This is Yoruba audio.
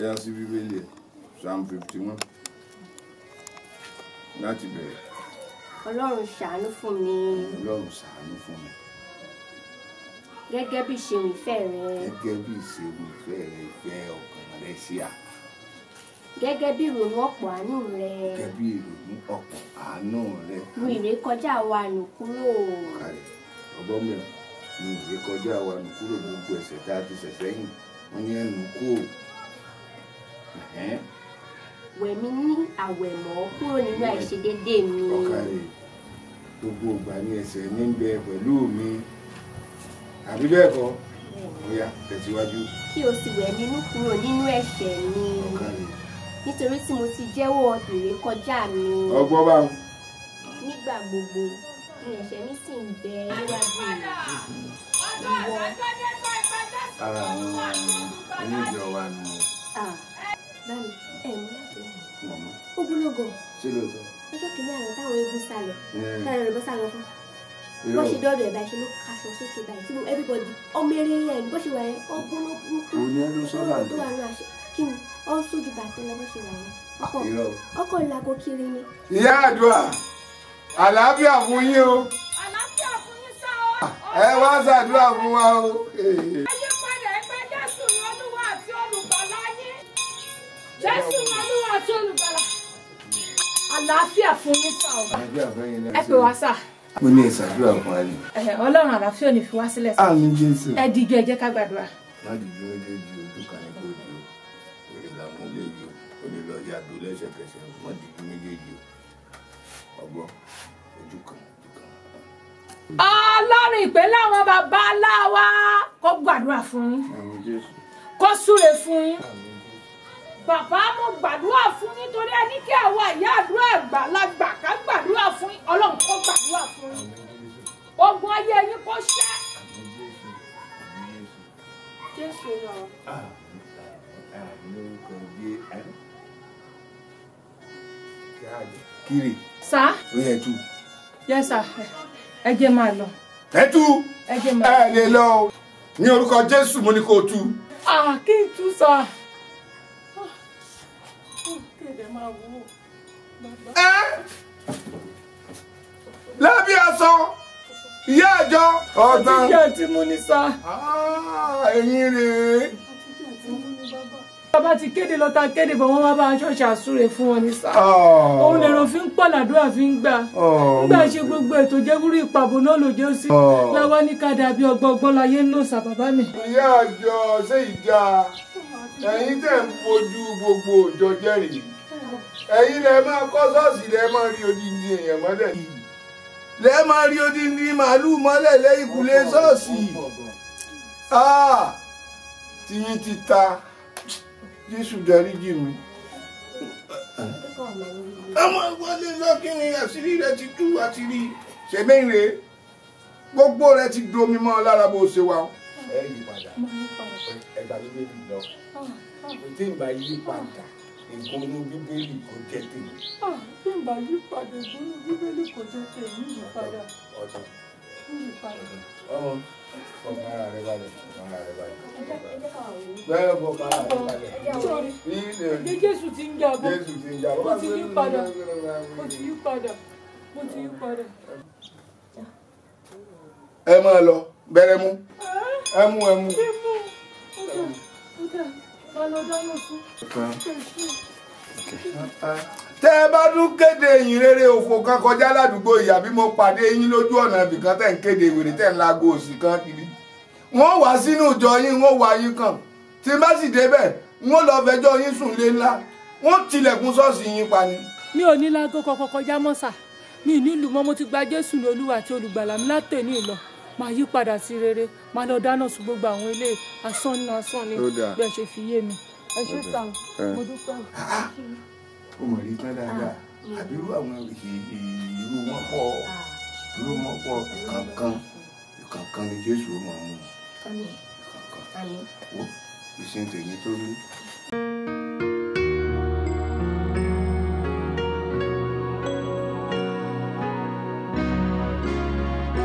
ẹ̀yà sí bíbélì ẹ̀ psalm fifty one láti bẹ̀rẹ̀. ọlọ́run ṣàánú fún mi. ọlọ́run ṣàánú fún mi. gẹ́gẹ́ bí ìṣeun ìfẹ́ rẹ. gẹ́gẹ́ bí ìṣeun ìfẹ́ rẹ ìfẹ́ ọkàn rẹ sí à. gẹ́gẹ́ bí ìrònú ọ̀pọ̀ àánú rẹ. gẹ́gẹ́ bí ìrònú ọ̀pọ̀ àánú rẹ. mú ìrékọjá wa nù kúrò. kàlẹ́ ọgbọ́n mìíràn mú ìrékọjá wa nù kúrò gbogbo ẹ̀ṣẹ̀ tá a ti ṣẹ̀ sẹ́yìn wọ́n yẹn nù kúrò wẹ̀mí ní àwẹ̀mọ́ kúrò nínú àìṣedédé mi. gbogbo ìgbà ni ẹsẹ̀ mi ń bẹ pẹ̀lú mi àbí bẹ́ẹ̀ kọ́ bóyá tẹ̀síwájú. kí o sì wẹ̀ nínú kúrò nínú ẹ̀ṣẹ̀ mi nítorí tí mo ti jẹ́wọ́ ìrékọjá mi. ọgbọ́n bá ń. nígbà gbogbo ni ẹ̀ṣẹ̀ mi sì ń bẹ níwájú mi. ìwọ. ara àwọn oníjọ wa nù. gàn. ṣé lóòótọ́. ọjọ́ kìíní àná táwọn eégún sá lọ táwọn yorùbá sá lọ fún bó ṣe dọ́dọ̀ ẹ̀ báyìí ṣe ló kaṣọ sókè báyìí tí everybody ọmọ eré yẹn bó ṣe wà yẹn ọgbọ́n ló kú kú ọgbọ́n tó wà nù àṣẹ kí ni ọ sójú bàtẹ́ lọ bó ṣe wà yẹn ọkọ ọkọ ìlàgò kiri ni. ìyá àdúrà àlàáfíà fún yín o. àlàáfíà fún yín sá o. ẹ wá ṣàdúrà fún wa o. ayípadà ẹgbẹ́ jésù ni olúwa àti olùgbàlà yín jésù ni olúwa àti olùgbàlà àlàáfíà fún yín sá o. àlàáfíà fún yín lẹ́sẹ̀. ẹ pè wá sá. mo ní ìṣàdúrà fún wa ni. ọlọ́run àlàáfíà ò ní fi wá sílẹ̀ sá. àmín jésù. ẹ dìjú ẹ jẹ́ ká gbàdúrà. má dìjú ẹ jẹ́ ju ojú kan ní kó ju òní làwọn olè ju òní lọ ya do lẹ́sẹ̀kẹsẹ̀ má dìjú méjèèjì ọgbọ́n ojú kan ojú kan. ọlọ́run ìpè láwọn bàbá aláwa kó gbàdúrà fún yín kó súre fún yín bàbá mo gbàdúrà fún yín torí ẹ ní kí àwa ìyá àdúrà àgbàlagbà ká gbàdúrà fún yín ọlọ́run kó gbàdúrà fún yín ogun ayé yín kó ṣẹ́ kiri. sa. o yẹ tu. yẹ sa ẹ jẹ́ máa lọ. ẹ tu. ẹ jẹ́ máa lọ. ẹ lè lọ ní orúkọ jésù mo ní kó o tu. àkìtú sa dẹ̀ máa wò ó. ẹ lábí aṣọ ìyá àjọ ọgbọ́n. àtijọ́ àti múnisà. Ah, ẹ̀yin rèé. bàbá ti kéde lọ́ta kéde bọ̀ wọ́n máa bá ṣọ́ọ̀ṣì àsúre fún wọn ní sá. Ah. òun lèrò fi ń pọ̀ làdúrà fi ń gbà. Ah, nígbà ṣe gbogbo ètò jẹ́gúrú ìpàbò náà ló jẹ́ sí. láwa ní ká dàbí ọgbọ́ngbọ́n láyé ń lò sá bàbá mi. ìyá àjọ ṣé ìjà ẹ̀yin tẹ̀ ń fojú gbogbo òjọ jẹ́rìí ẹ̀yin lẹ máa kọ́ ṣọ́ọ̀ṣì lẹ máa rí odindi èèyàn mọ́lẹ̀ yìí lẹ máa rí odindi màálù mọ́lẹ̀ lẹ́yìnkùlé ṣọ́ọ̀ṣì ah! tiyín ti ta jésù dáríjì mi. ọmọ ìwọlé lọ́kìnrin àṣírí rẹ ti tú àṣírí ṣẹ̀mẹ́yìn rèé gbogbo rẹ ti domi mọ́ lára bó ṣe wà. ẹ yí padà ẹgbàá ló dé bí lọ tí n bá yí padà ìgbónú bíbélì kò jẹ tèmi. Ah, bí n bá yí padà ìgbónú bíbélì kò jẹ tèmi yí padà. ọtọ ọmọ fọkàn ara rẹ balẹ̀ fọkàn ara rẹ balẹ̀. bẹ́ẹ̀ fọkàn ara rẹ balẹ̀. sọ̀rọ̀ ní jésù ti ń jà bọ́ jésù ti ń jà bọ́ mo ti yí padà mo ti yí padà mo ti yí padà. ẹ máa lọ bẹ̀rẹ̀ mú ah. ẹ mú ẹ mú. ẹ mú ó dà ó dà tẹ́ ẹ bá tún kéde ìyìn rere òfò kan kọjá ládùúgbò ìyá bí mo pàdé yín lójú ọ̀nà ibìkan tẹ̀ ń kéde wèrè tẹ̀ ń lago òsì kan kiri wọ́n wá sínú ìjọ yín wọ́n wá yín kàn tí má sì débẹ̀ wọ́n lọ fẹjọ́ yín sùn lé ńlá wọ́n tilẹ̀kùn ṣọ́ọ̀ṣì yín pa ni. mi ò ní láago kọkọ kọjá mọ́sà mi ì nílùú mọ́ mo ti gba Jésù ní Olúwa àti olùgbàlà mi látẹ̀ ní ìlọ máa yí padà sí rere máa lọ dáná sun gbogbo àwọn ilé asán ní asán ní bẹ́ẹ̀ ṣe fi yé mi ẹ ṣe sàn mo dúpẹ́. o ah, ah. mọ̀ rí tán dáadáa ah. àbírú àwọn ìlú wọn pọ̀ ìlú wọn pọ̀ kankan kankan ni jésù mọ̀ ọ́n kankan wo ìsìn tèmi tó ní.